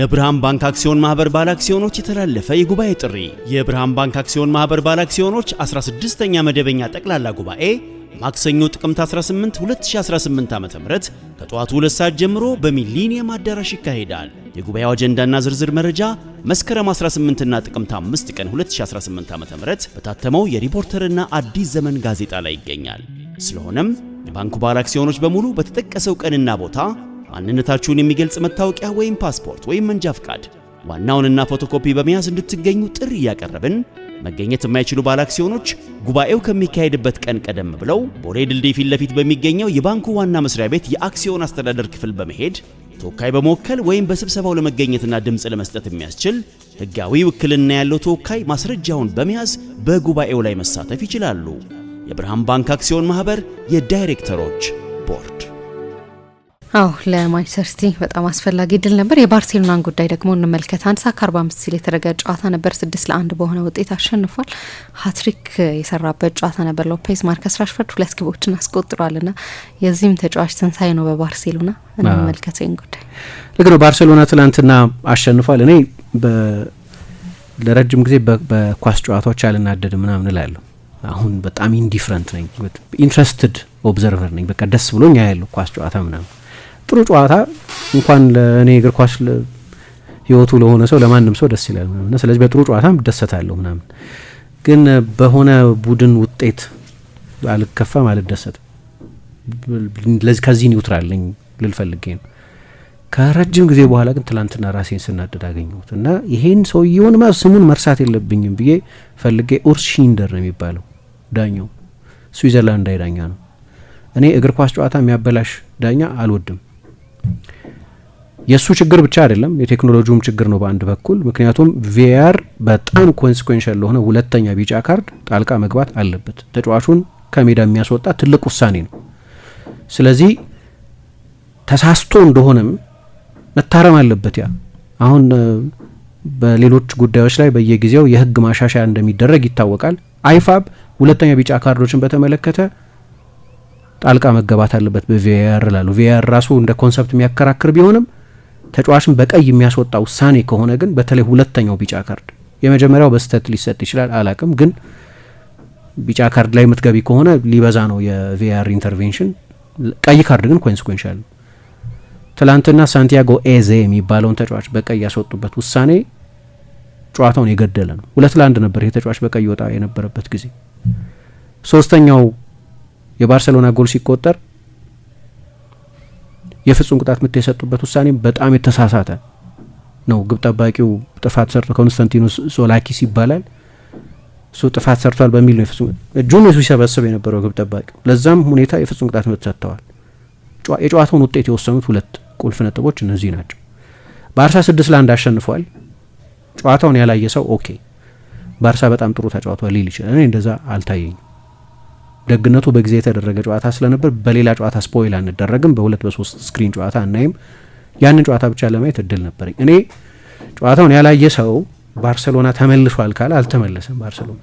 ለብርሃን ባንክ አክሲዮን ማህበር ባለ አክሲዮኖች የተላለፈ የጉባኤ ጥሪ የብርሃን ባንክ አክሲዮን ማህበር ባለ አክሲዮኖች 16ኛ መደበኛ ጠቅላላ ጉባኤ ማክሰኞ ጥቅምት 18 2018 ዓ.ም ከጠዋቱ 2 ሰዓት ጀምሮ በሚሊኒየም አዳራሽ ይካሄዳል። የጉባኤው አጀንዳና ዝርዝር መረጃ መስከረም 18ና ጥቅምት 5 ቀን 2018 ዓ.ም በታተመው የሪፖርተርና አዲስ ዘመን ጋዜጣ ላይ ይገኛል። ስለሆነም የባንኩ ባለ አክሲዮኖች በሙሉ በተጠቀሰው ቀንና ቦታ ማንነታችሁን የሚገልጽ መታወቂያ ወይም ፓስፖርት ወይም መንጃ ፍቃድ ዋናውንና ፎቶኮፒ በመያዝ እንድትገኙ ጥሪ እያቀረብን መገኘት የማይችሉ ባለ አክሲዮኖች ጉባኤው ከሚካሄድበት ቀን ቀደም ብለው ቦሌ ድልድይ ፊት ለፊት በሚገኘው የባንኩ ዋና መስሪያ ቤት የአክሲዮን አስተዳደር ክፍል በመሄድ ተወካይ በመወከል ወይም በስብሰባው ለመገኘትና ድምፅ ለመስጠት የሚያስችል ሕጋዊ ውክልና ያለው ተወካይ ማስረጃውን በመያዝ በጉባኤው ላይ መሳተፍ ይችላሉ። የብርሃን ባንክ አክሲዮን ማኅበር የዳይሬክተሮች ቦርድ አዎ ለማንቸስተር ሲቲ በጣም አስፈላጊ ድል ነበር። የባርሴሎናን ጉዳይ ደግሞ እንመልከት። አንድ ሰዓት ከአርባ አምስት ሲል የተደረገ ጨዋታ ነበር። ስድስት ለአንድ በሆነ ውጤት አሸንፏል። ሀትሪክ የሰራበት ጨዋታ ነበር። ሎፔዝ ማርከስ ራሽፈርድ ሁለት ግቦችን አስቆጥሯል ና የዚህም ተጫዋች ትንሳኤ ነው በባርሴሎና እንመልከት ይህን ጉዳይ። ልክ ነው ባርሴሎና ትላንትና አሸንፏል። እኔ ለረጅም ጊዜ በኳስ ጨዋታዎች አልናደድ ምናምን እላለሁ። አሁን በጣም ኢንዲፍረንት ነኝ፣ ኢንትረስትድ ኦብዘርቨር ነኝ። በቃ ደስ ብሎኝ ያያለሁ ኳስ ጨዋታ ምናምን ጥሩ ጨዋታ እንኳን ለእኔ እግር ኳስ ህይወቱ ለሆነ ሰው ለማንም ሰው ደስ ይላል ምናምን። ስለዚህ በጥሩ ጨዋታም ደሰታለሁ ምናምን፣ ግን በሆነ ቡድን ውጤት አልከፋም፣ አልደሰትም። ከዚህ ኒውትራል ነኝ ልል ነው። ከረጅም ጊዜ በኋላ ግን ትላንትና ራሴን ስናደድ አገኘሁት እና ይሄን ሰውየውን ማ ስሙን መርሳት የለብኝም ብዬ ፈልጌ ኡርስ ሽንደር ነው የሚባለው ዳኛው፣ ስዊዘርላንድ ዳኛ ነው። እኔ እግር ኳስ ጨዋታ የሚያበላሽ ዳኛ አልወድም። የእሱ ችግር ብቻ አይደለም፣ የቴክኖሎጂውም ችግር ነው በአንድ በኩል። ምክንያቱም ቪአር በጣም ኮንስኮንሻል ለሆነ ሁለተኛ ቢጫ ካርድ ጣልቃ መግባት አለበት። ተጫዋቹን ከሜዳ የሚያስወጣ ትልቅ ውሳኔ ነው። ስለዚህ ተሳስቶ እንደሆነም መታረም አለበት። ያ አሁን በሌሎች ጉዳዮች ላይ በየጊዜው የህግ ማሻሻያ እንደሚደረግ ይታወቃል። አይፋብ ሁለተኛ ቢጫ ካርዶችን በተመለከተ ጣልቃ መገባት አለበት በቪአር ላሉ ቪአር ራሱ እንደ ኮንሰፕት የሚያከራክር ቢሆንም ተጫዋችን በቀይ የሚያስወጣ ውሳኔ ከሆነ ግን በተለይ ሁለተኛው ቢጫ ካርድ የመጀመሪያው በስተት ሊሰጥ ይችላል አላቅም ግን ቢጫ ካርድ ላይ የምትገቢ ከሆነ ሊበዛ ነው የቪአር ኢንተርቬንሽን ቀይ ካርድ ግን ኮንስኮንሻል ትላንትና ሳንቲያጎ ኤዜ የሚባለውን ተጫዋች በቀይ ያስወጡበት ውሳኔ ጨዋታውን የገደለ ነው ሁለት ለአንድ ነበር ይህ ተጫዋች በቀይ ወጣ የነበረበት ጊዜ ሶስተኛው የባርሰሎና ጎል ሲቆጠር የፍጹም ቅጣት ምት የሰጡበት ውሳኔ በጣም የተሳሳተ ነው። ግብ ጠባቂው ጥፋት ሰርቶ ኮንስታንቲኖ ሶላኪስ ይባላል። እሱ ጥፋት ሰርቷል በሚል ነው የፍጹም እጁን እሱ ሲሰበስብ የነበረው ግብ ጠባቂው። ለዛም ሁኔታ የፍጹም ቅጣት ምት ሰጥተዋል። የጨዋታውን ውጤት የወሰኑት ሁለት ቁልፍ ነጥቦች እነዚህ ናቸው። ባርሳ ስድስት ለአንድ አሸንፏል። ጨዋታውን ያላየ ሰው ኦኬ ባርሳ በጣም ጥሩ ተጫውቷል ሊል ይችላል። እኔ እንደዛ አልታየኝም። ደግነቱ በጊዜ የተደረገ ጨዋታ ስለነበር በሌላ ጨዋታ ስፖይል አንደረግም። በሁለት በሶስት ስክሪን ጨዋታ አናይም። ያንን ጨዋታ ብቻ ለማየት እድል ነበረኝ። እኔ ጨዋታውን ያላየ ሰው ባርሰሎና ተመልሷል ካለ አልተመለሰም። ባርሰሎና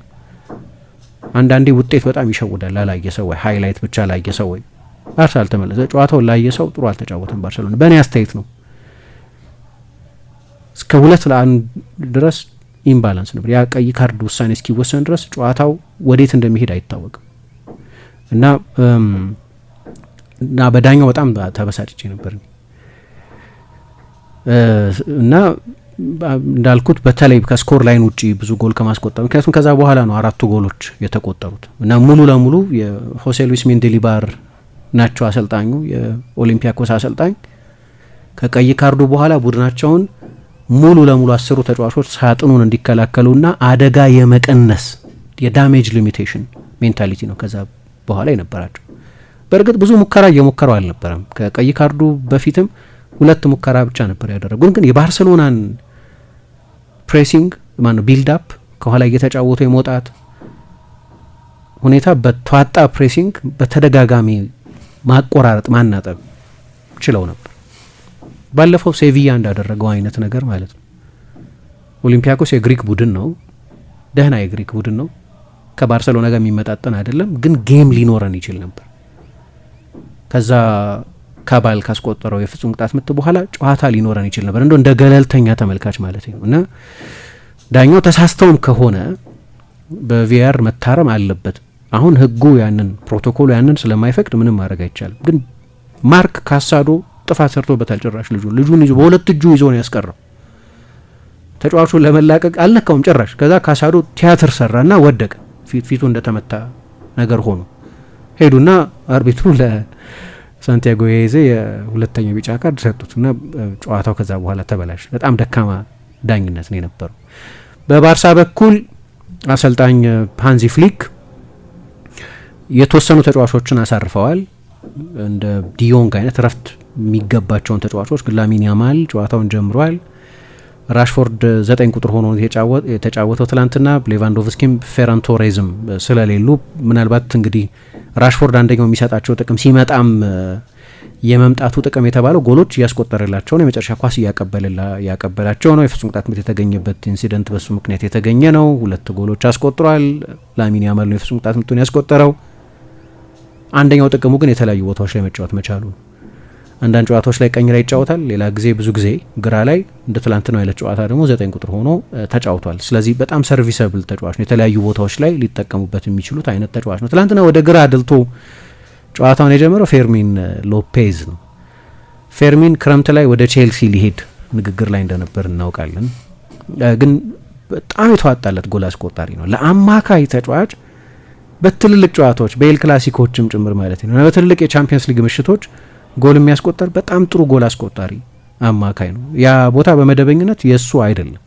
አንዳንዴ ውጤት በጣም ይሸውዳል። አላየ ሰው ወይ ሀይላይት ብቻ ላየ ሰው ወይ አርሰ አልተመለሰ። ጨዋታውን ላየ ሰው ጥሩ አልተጫወተም ባርሰሎና። በእኔ አስተያየት ነው። እስከ ሁለት ለአንድ ድረስ ኢምባላንስ ነበር። ያ ቀይ ካርድ ውሳኔ እስኪወሰን ድረስ ጨዋታው ወዴት እንደሚሄድ አይታወቅም። እና እና በዳኛው በጣም ተበሳጭቼ ነበር እና እንዳልኩት በተለይ ከስኮር ላይን ውጪ ብዙ ጎል ከማስቆጠር ምክንያቱም ከዛ በኋላ ነው አራቱ ጎሎች የተቆጠሩት እና ሙሉ ለሙሉ የሆሴ ሉዊስ ሜንዴሊባር ናቸው አሰልጣኙ የኦሊምፒያኮስ አሰልጣኝ ከቀይ ካርዱ በኋላ ቡድናቸውን ሙሉ ለሙሉ አስሩ ተጫዋቾች ሳጥኑን እንዲከላከሉና አደጋ የመቀነስ የዳሜጅ ሊሚቴሽን ሜንታሊቲ ነው ከዛ በኋላ የነበራቸው። በእርግጥ ብዙ ሙከራ እየሞከረው አልነበረም። ከቀይ ካርዱ በፊትም ሁለት ሙከራ ብቻ ነበር ያደረጉን። ግን የባርሰሎናን ፕሬሲንግ ማነው ቢልድ አፕ ከኋላ እየተጫወቱ የመውጣት ሁኔታ በተዋጣ ፕሬሲንግ በተደጋጋሚ ማቆራረጥ ማናጠብ ችለው ነበር። ባለፈው ሴቪያ እንዳደረገው አይነት ነገር ማለት ነው። ኦሊምፒያኮስ የግሪክ ቡድን ነው፣ ደህና የግሪክ ቡድን ነው። ከባርሰሎና ጋር የሚመጣጠን አይደለም፣ ግን ጌም ሊኖረን ይችል ነበር። ከዛ ከባል ካስቆጠረው የፍጹም ቅጣት ምት በኋላ ጨዋታ ሊኖረን ይችል ነበር፣ እንደ እንደ ገለልተኛ ተመልካች ማለት ነው። እና ዳኛው ተሳስተውም ከሆነ በቪአር መታረም አለበት። አሁን ህጉ ያንን ፕሮቶኮሉ ያንን ስለማይፈቅድ ምንም ማድረግ አይቻልም። ግን ማርክ ካሳዶ ጥፋት ሰርቶበታል። ጭራሽ ልጁ ልጁን ይዞ በሁለት እጁ ይዞ ነው ያስቀረው። ተጫዋቹን ለመላቀቅ አልነካውም ጭራሽ። ከዛ ካሳዶ ቲያትር ሰራና ወደቀ። ፊቱ እንደተመታ ነገር ሆኖ ሄዱና አርቢትሩ ለሳንቲያጎ የይዜ የሁለተኛው ቢጫ ካርድ ሰጡት እና ጨዋታው ከዛ በኋላ ተበላሽ። በጣም ደካማ ዳኝነት ነው የነበረው። በባርሳ በኩል አሰልጣኝ ሃንዚ ፍሊክ የተወሰኑ ተጫዋቾችን አሳርፈዋል። እንደ ዲዮንግ አይነት እረፍት የሚገባቸውን ተጫዋቾች ላሚን ያማል ጨዋታውን ጀምሯል። ራሽፎርድ ዘጠኝ ቁጥር ሆኖ የተጫወተው ትላንትና። ሌቫንዶቭስኪም ፌረን ቶሬዝም ስለሌሉ ምናልባት እንግዲህ ራሽፎርድ አንደኛው የሚሰጣቸው ጥቅም ሲመጣም የመምጣቱ ጥቅም የተባለው ጎሎች እያስቆጠረላቸው ነው። የመጨረሻ ኳስ እያቀበላቸው ነው። የፍጹም ቅጣት ምት የተገኘበት ኢንሲደንት በሱ ምክንያት የተገኘ ነው። ሁለት ጎሎች አስቆጥሯል። ላሚን ያማል ነው የፍጹም ቅጣት ምቱን ያስቆጠረው። አንደኛው ጥቅሙ ግን የተለያዩ ቦታዎች ላይ መጫወት መቻሉ ነው። አንዳንድ ጨዋታዎች ላይ ቀኝ ላይ ይጫወታል፣ ሌላ ጊዜ ብዙ ጊዜ ግራ ላይ። እንደ ትላንት ነው አይነት ጨዋታ ደግሞ ዘጠኝ ቁጥር ሆኖ ተጫውቷል። ስለዚህ በጣም ሰርቪሰብል ተጫዋች ነው። የተለያዩ ቦታዎች ላይ ሊጠቀሙበት የሚችሉት አይነት ተጫዋች ነው። ትላንትና ወደ ግራ አድልቶ ጨዋታውን የጀመረው ፌርሚን ሎፔዝ ነው። ፌርሚን ክረምት ላይ ወደ ቼልሲ ሊሄድ ንግግር ላይ እንደነበር እናውቃለን። ግን በጣም የተዋጣለት ጎል አስቆጣሪ ነው ለአማካይ ተጫዋች በትልልቅ ጨዋታዎች በኤል ክላሲኮችም ጭምር ማለት ነው በትልልቅ የቻምፒየንስ ሊግ ምሽቶች ጎል የሚያስቆጠር በጣም ጥሩ ጎል አስቆጣሪ አማካይ ነው። ያ ቦታ በመደበኝነት የእሱ አይደለም።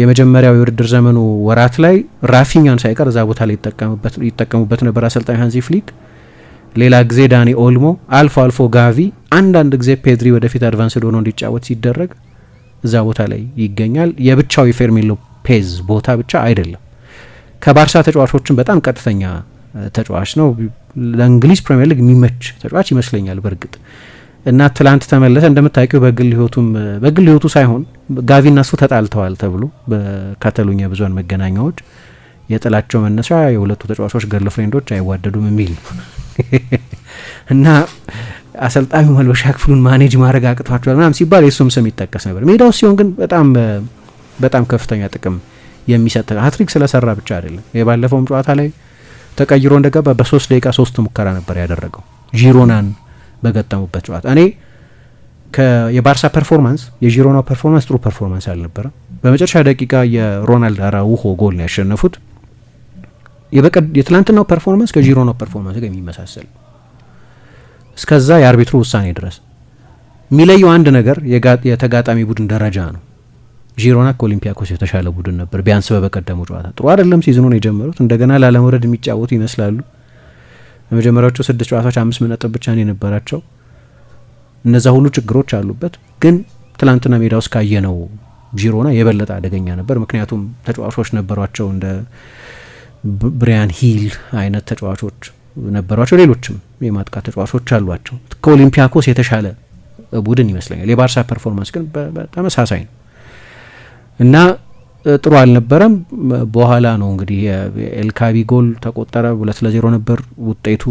የመጀመሪያው የውድድር ዘመኑ ወራት ላይ ራፊኛን ሳይቀር እዛ ቦታ ላይ ይጠቀሙበት ነበር አሰልጣኝ ሀንዚ ፍሊክ። ሌላ ጊዜ ዳኒ ኦልሞ፣ አልፎ አልፎ ጋቪ፣ አንዳንድ ጊዜ ፔድሪ ወደፊት አድቫንስድ ሆኖ እንዲጫወት ሲደረግ እዛ ቦታ ላይ ይገኛል። የብቻው የፌርሚን ሎፔዝ ቦታ ብቻ አይደለም። ከባርሳ ተጫዋቾችን በጣም ቀጥተኛ ተጫዋች ነው። ለእንግሊዝ ፕሪምየር ሊግ የሚመች ተጫዋች ይመስለኛል። በእርግጥ እና ትላንት ተመለሰ። እንደምታውቂው በግል ህይወቱም በግል ህይወቱ ሳይሆን ጋቪና እሱ ተጣልተዋል ተብሎ በካታሎኒያ ብዙሃን መገናኛዎች የጥላቸው መነሻ የሁለቱ ተጫዋቾች ገርል ፍሬንዶች አይዋደዱም የሚል ነው እና አሰልጣኙ መልበሻ ክፍሉን ማኔጅ ማድረግ አቅቷቸዋል ምናም ሲባል የእሱም ስም ይጠቀስ ነበር። ሜዳው ሲሆን ግን በጣም በጣም ከፍተኛ ጥቅም የሚሰጥ ሀትሪክ ስለሰራ ብቻ አይደለም የባለፈውም ጨዋታ ላይ ተቀይሮ እንደገባ በሶስት ደቂቃ ሶስት ሙከራ ነበር ያደረገው ጂሮናን በገጠሙበት ጨዋታ። እኔ የባርሳ ፐርፎርማንስ የጂሮና ፐርፎርማንስ ጥሩ ፐርፎርማንስ አልነበረም። በመጨረሻ ደቂቃ የሮናልድ አራውሆ ጎል ነው ያሸነፉት። የትላንትናው ፐርፎርማንስ ከጂሮና ፐርፎርማንስ ጋር የሚመሳሰል እስከዛ የአርቢትሩ ውሳኔ ድረስ የሚለየው አንድ ነገር የተጋጣሚ ቡድን ደረጃ ነው። ጂሮና ከኦሊምፒያኮስ የተሻለ ቡድን ነበር። ቢያንስ በበቀደሙ ጨዋታ ጥሩ አይደለም ሲዝኑን የጀመሩት እንደገና ላለመውረድ የሚጫወቱ ይመስላሉ። በመጀመሪያቸው ስድስት ጨዋታዎች አምስት ነጥብ ብቻ ነው የነበራቸው። እነዛ ሁሉ ችግሮች አሉበት፣ ግን ትላንትና ሜዳ ውስጥ ካየነው ጂሮና የበለጠ አደገኛ ነበር። ምክንያቱም ተጫዋቾች ነበሯቸው እንደ ብሪያን ሂል አይነት ተጫዋቾች ነበሯቸው። ሌሎችም የማጥቃት ተጫዋቾች አሏቸው። ከኦሊምፒያኮስ የተሻለ ቡድን ይመስለኛል። የባርሳ ፐርፎርማንስ ግን በተመሳሳይ ነው። እና ጥሩ አልነበረም። በኋላ ነው እንግዲህ የኤልካቢ ጎል ተቆጠረ። ሁለት ለዜሮ ነበር ውጤቱ።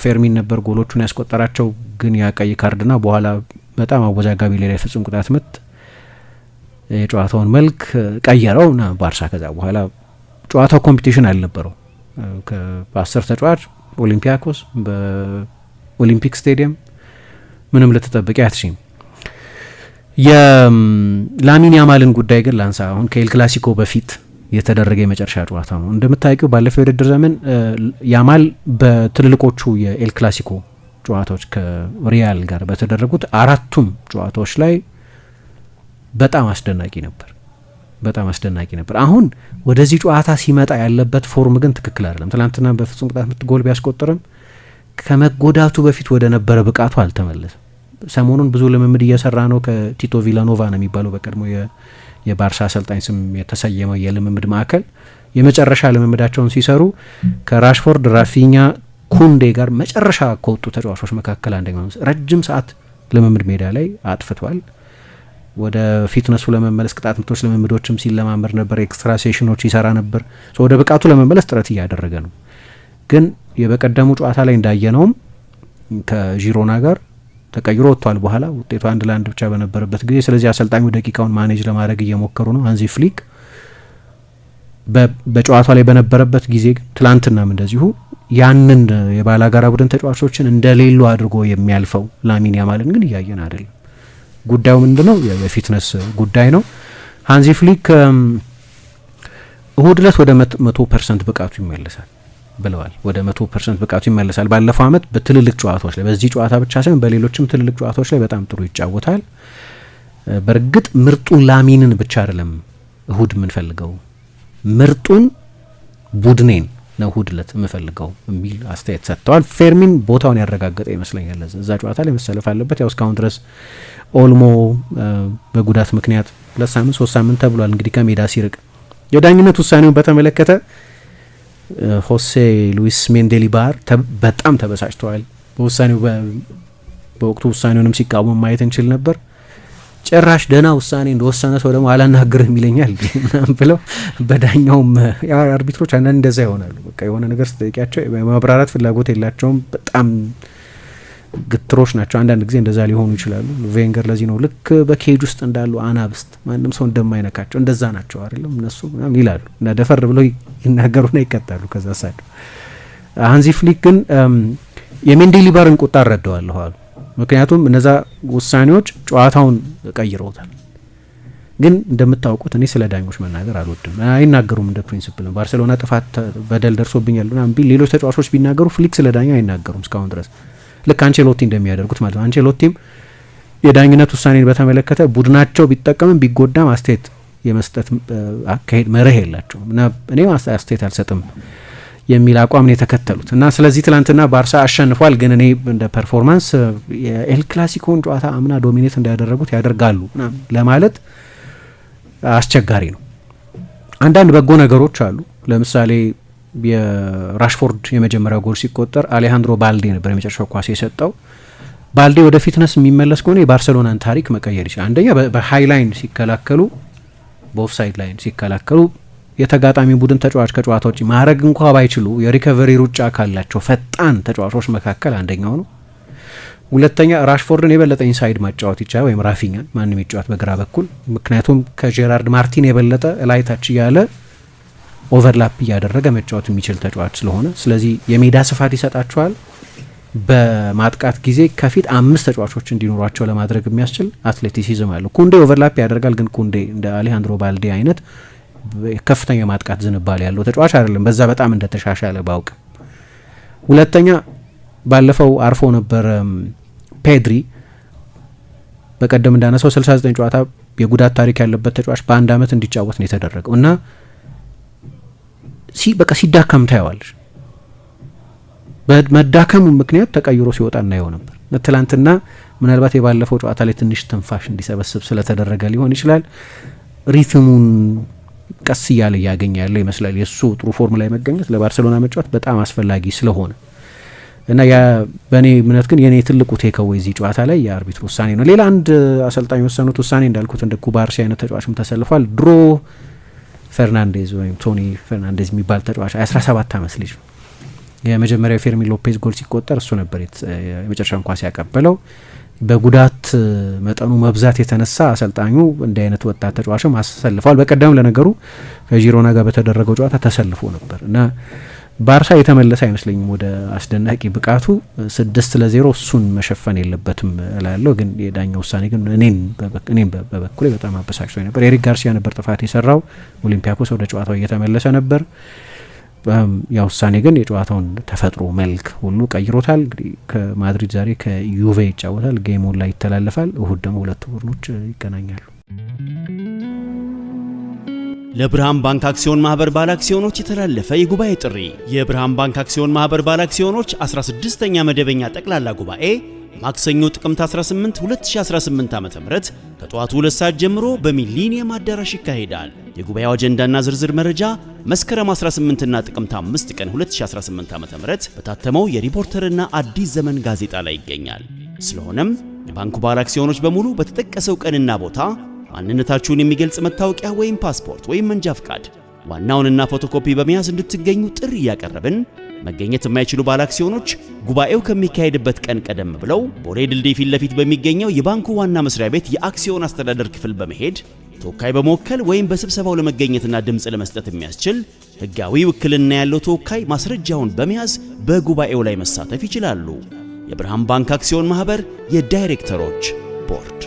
ፌርሚን ነበር ጎሎቹን ያስቆጠራቸው፣ ግን ያ ቀይ ካርድና በኋላ በጣም አወዛጋቢ ሌላ የፍጹም ቅጣት ምት የጨዋታውን መልክ ቀየረው ና ባርሳ ከዛ በኋላ ጨዋታው ኮምፒቲሽን አልነበረው። በአስር ተጫዋች ኦሊምፒያኮስ በኦሊምፒክ ስቴዲየም ምንም ልትጠብቂ አትሽም። የላሚን ያማልን ጉዳይ ግን ላንሳ። አሁን ከኤል ክላሲኮ በፊት የተደረገ የመጨረሻ ጨዋታ ነው። እንደምታውቂው ባለፈው የውድድር ዘመን ያማል በትልልቆቹ የኤል ክላሲኮ ጨዋታዎች ከሪያል ጋር በተደረጉት አራቱም ጨዋታዎች ላይ በጣም አስደናቂ ነበር፣ በጣም አስደናቂ ነበር። አሁን ወደዚህ ጨዋታ ሲመጣ ያለበት ፎርም ግን ትክክል አይደለም። ትናንትና በፍጹም ቅጣት ምት ጎል ቢያስቆጥርም ከመጎዳቱ በፊት ወደ ነበረ ብቃቱ አልተመለሰም። ሰሞኑን ብዙ ልምምድ እየሰራ ነው። ከቲቶ ቪላኖቫ ነው የሚባለው በቀድሞ የባርሳ አሰልጣኝ ስም የተሰየመው የልምምድ ማዕከል የመጨረሻ ልምምዳቸውን ሲሰሩ ከራሽፎርድ ራፊኛ፣ ኩንዴ ጋር መጨረሻ ከወጡ ተጫዋቾች መካከል አንደኛው ረጅም ሰዓት ልምምድ ሜዳ ላይ አጥፍቷል። ወደ ፊትነሱ ለመመለስ ቅጣት ምቶች ልምምዶችም ሲለማመድ ነበር። ኤክስትራ ሴሽኖች ይሰራ ነበር። ወደ ብቃቱ ለመመለስ ጥረት እያደረገ ነው። ግን የበቀደሙ ጨዋታ ላይ እንዳየነውም ከዢሮና ጋር ተቀይሮ ወጥቷል በኋላ ውጤቱ አንድ ለአንድ ብቻ በነበረበት ጊዜ። ስለዚህ አሰልጣኙ ደቂቃውን ማኔጅ ለማድረግ እየሞከሩ ነው። አንዚ ፍሊክ በጨዋታ ላይ በነበረበት ጊዜ ግን ትላንትናም እንደዚሁ ያንን የባላጋራ ቡድን ተጫዋቾችን እንደሌሉ አድርጎ የሚያልፈው ላሚን ያማልን ግን እያየን አይደለም። ጉዳዩ ምንድነው? የፊትነስ ጉዳይ ነው። አንዚ ፍሊክ እሁድ እለት ወደ መቶ ፐርሰንት ብቃቱ ይመለሳል። ብለዋል። ወደ መቶ ፐርሰንት ብቃቱ ይመለሳል። ባለፈው አመት በትልልቅ ጨዋታዎች ላይ በዚህ ጨዋታ ብቻ ሳይሆን በሌሎችም ትልልቅ ጨዋታዎች ላይ በጣም ጥሩ ይጫወታል። በእርግጥ ምርጡ ላሚንን ብቻ አይደለም እሁድ የምንፈልገው ምርጡን ቡድኔን ነው እሁድ ለት የምፈልገው የሚል አስተያየት ሰጥተዋል። ፌርሚን ቦታውን ያረጋገጠ ይመስለኛል እዛ ጨዋታ ላይ መሰለፍ አለበት። ያው እስካሁን ድረስ ኦልሞ በጉዳት ምክንያት ሁለት ሳምንት ሶስት ሳምንት ተብሏል። እንግዲህ ከሜዳ ሲርቅ የዳኝነት ውሳኔውን በተመለከተ ሆሴ ሉዊስ ሜንዴሊ ባር በጣም ተበሳጭተዋል። በውሳኔው በወቅቱ ውሳኔውንም ሲቃወም ማየት እንችል ነበር። ጭራሽ ደህና ውሳኔ እንደወሰነ ሰው ደግሞ አላናግርም ይለኛል ብለው በዳኛውም አርቢትሮች አንዳንድ እንደዛ ይሆናሉ። በቃ የሆነ ነገር ስትጠይቂያቸው የማብራራት ፍላጎት የላቸውም። በጣም ግትሮች ናቸው። አንዳንድ ጊዜ እንደዛ ሊሆኑ ይችላሉ። ቬንገር ለዚህ ነው ልክ በኬጅ ውስጥ እንዳሉ አናብስት ማንም ሰው እንደማይነካቸው እንደዛ ናቸው አይደለም እነሱ ምናምን ይላሉ እና ደፈር ብለው ይናገሩና ይቀጣሉ። ከዛ ሳዱ ሀንዚ ፍሊክ ግን የሜንዴሊባርን ቁጣ እረዳዋለሁ አሉ። ምክንያቱም እነዛ ውሳኔዎች ጨዋታውን ቀይረውታል። ግን እንደምታውቁት እኔ ስለ ዳኞች መናገር አልወድም፣ አይናገሩም። እንደ ፕሪንሲፕል ባርሴሎና ጥፋት በደል ደርሶብኛል ቢል ሌሎች ተጫዋቾች ቢናገሩ ፍሊክ ስለ ዳኛ አይናገሩም እስካሁን ድረስ ልክ አንቸሎቲ እንደሚያደርጉት ማለት ነው። አንቸሎቲም የዳኝነት ውሳኔን በተመለከተ ቡድናቸው ቢጠቀምም ቢጎዳም አስተያየት የመስጠት አካሄድ መርህ የላቸውም እና እኔ አስተያየት አልሰጥም የሚል አቋም የተከተሉት እና ስለዚህ ትናንትና ባርሳ አሸንፏል። ግን እኔ እንደ ፐርፎርማንስ የኤል ክላሲኮን ጨዋታ አምና ዶሚኔት እንዳያደረጉት ያደርጋሉ ለማለት አስቸጋሪ ነው። አንዳንድ በጎ ነገሮች አሉ። ለምሳሌ የራሽፎርድ የመጀመሪያ ጎል ሲቆጠር አሌሃንድሮ ባልዴ ነበር የመጨረሻው ኳስ የሰጠው። ባልዴ ወደ ፊትነስ የሚመለስ ከሆነ የባርሰሎናን ታሪክ መቀየር ይችላል። አንደኛ በሀይ ላይን ሲከላከሉ፣ በኦፍሳይድ ላይን ሲከላከሉ የተጋጣሚ ቡድን ተጫዋች ከጨዋታ ውጭ ማድረግ እንኳ ባይችሉ የሪከቨሪ ሩጫ ካላቸው ፈጣን ተጫዋቾች መካከል አንደኛው ነው። ሁለተኛ ራሽፎርድን የበለጠ ኢንሳይድ ማጫወት ይቻላል፣ ወይም ራፊኛን ማንም ይጫወት በግራ በኩል ምክንያቱም ከጄራርድ ማርቲን የበለጠ ላይታች እያለ ኦቨርላፕ እያደረገ መጫወት የሚችል ተጫዋች ስለሆነ ስለዚህ የሜዳ ስፋት ይሰጣቸዋል። በማጥቃት ጊዜ ከፊት አምስት ተጫዋቾች እንዲኖሯቸው ለማድረግ የሚያስችል አትሌቲሲዝም አለው። ኩንዴ ኦቨርላፕ ያደርጋል፣ ግን ኩንዴ እንደ አሌሃንድሮ ባልዴ አይነት ከፍተኛ የማጥቃት ዝንባል ያለው ተጫዋች አይደለም። በዛ በጣም እንደተሻሻለ ባውቅ። ሁለተኛ ባለፈው አርፎ ነበር ፔድሪ በቀደም እንዳነሳው 69 ጨዋታ የጉዳት ታሪክ ያለበት ተጫዋች በአንድ አመት እንዲጫወት ነው የተደረገው እና በቃ ሲዳከም ታየዋለሽ። በመዳከሙ ምክንያት ተቀይሮ ሲወጣ እናየው ነበር። ትላንትና ምናልባት የባለፈው ጨዋታ ላይ ትንሽ ትንፋሽ እንዲሰበስብ ስለተደረገ ሊሆን ይችላል። ሪትሙን ቀስ እያለ እያገኘ ያለው ይመስላል። የእሱ ጥሩ ፎርም ላይ መገኘት ለባርሴሎና መጫወት በጣም አስፈላጊ ስለሆነ እና በእኔ እምነት ግን የእኔ ትልቁ ቴከዌ የዚህ ጨዋታ ላይ የአርቢትር ውሳኔ ነው። ሌላ አንድ አሰልጣኝ የወሰኑት ውሳኔ እንዳልኩት እንደ ኩባርሲ አይነት ተጫዋችም ተሰልፏል ድሮ ፈርናንዴዝ ወይም ቶኒ ፈርናንዴዝ የሚባል ተጫዋች አስራ ሰባት አመት ልጅ ነው። የመጀመሪያው ሎፔዝ ጎል ሲቆጠር እሱ ነበር የመጨረሻውን ኳስ ያቀበለው። በጉዳት መጠኑ መብዛት የተነሳ አሰልጣኙ እንዲህ አይነት ወጣት ተጫዋችም አሰልፈዋል። በቀደም ለነገሩ ከጂሮና ጋር በተደረገው ጨዋታ ተሰልፎ ነበር እና ባርሳ የተመለሰ አይመስለኝም ወደ አስደናቂ ብቃቱ። ስድስት ለዜሮ እሱን መሸፈን የለበትም እላለሁ። ግን የዳኛ ውሳኔ ግን እኔም በበኩሌ በጣም አበሳጭቶ ነበር። ኤሪክ ጋርሲያ ነበር ጥፋት የሰራው። ኦሊምፒያኮስ ወደ ጨዋታው እየተመለሰ ነበር። ያ ውሳኔ ግን የጨዋታውን ተፈጥሮ መልክ ሁሉ ቀይሮታል። እንግዲህ ከማድሪድ ዛሬ ከዩቬ ይጫወታል፣ ጌሙን ላይ ይተላለፋል። እሁድ ደግሞ ሁለቱ ቡድኖች ይገናኛሉ። ለብርሃን ባንክ አክሲዮን ማህበር ባለ አክሲዮኖች የተላለፈ የጉባኤ ጥሪ የብርሃን ባንክ አክሲዮን ማህበር ባለ አክሲዮኖች 16ኛ መደበኛ ጠቅላላ ጉባኤ ማክሰኞ ጥቅምት 18 2018 ዓ.ም ከጠዋቱ 2 ሰዓት ጀምሮ በሚሊኒየም አዳራሽ ይካሄዳል። የጉባኤው አጀንዳና ዝርዝር መረጃ መስከረም 18 እና ጥቅምት 5 ቀን 2018 ዓ.ም በታተመው የሪፖርተርና አዲስ ዘመን ጋዜጣ ላይ ይገኛል። ስለሆነም የባንኩ ባለ አክሲዮኖች በሙሉ በተጠቀሰው ቀንና ቦታ ማንነታችሁን የሚገልጽ መታወቂያ ወይም ፓስፖርት ወይም መንጃ ፍቃድ ዋናውንና ፎቶኮፒ በመያዝ እንድትገኙ ጥሪ እያቀረብን መገኘት የማይችሉ ባለአክሲዮኖች ጉባኤው ከሚካሄድበት ቀን ቀደም ብለው ቦሌ ድልድይ ፊት ለፊት በሚገኘው የባንኩ ዋና መስሪያ ቤት የአክሲዮን አስተዳደር ክፍል በመሄድ ተወካይ በመወከል ወይም በስብሰባው ለመገኘትና ድምፅ ለመስጠት የሚያስችል ሕጋዊ ውክልና ያለው ተወካይ ማስረጃውን በመያዝ በጉባኤው ላይ መሳተፍ ይችላሉ። የብርሃን ባንክ አክሲዮን ማኅበር የዳይሬክተሮች ቦርድ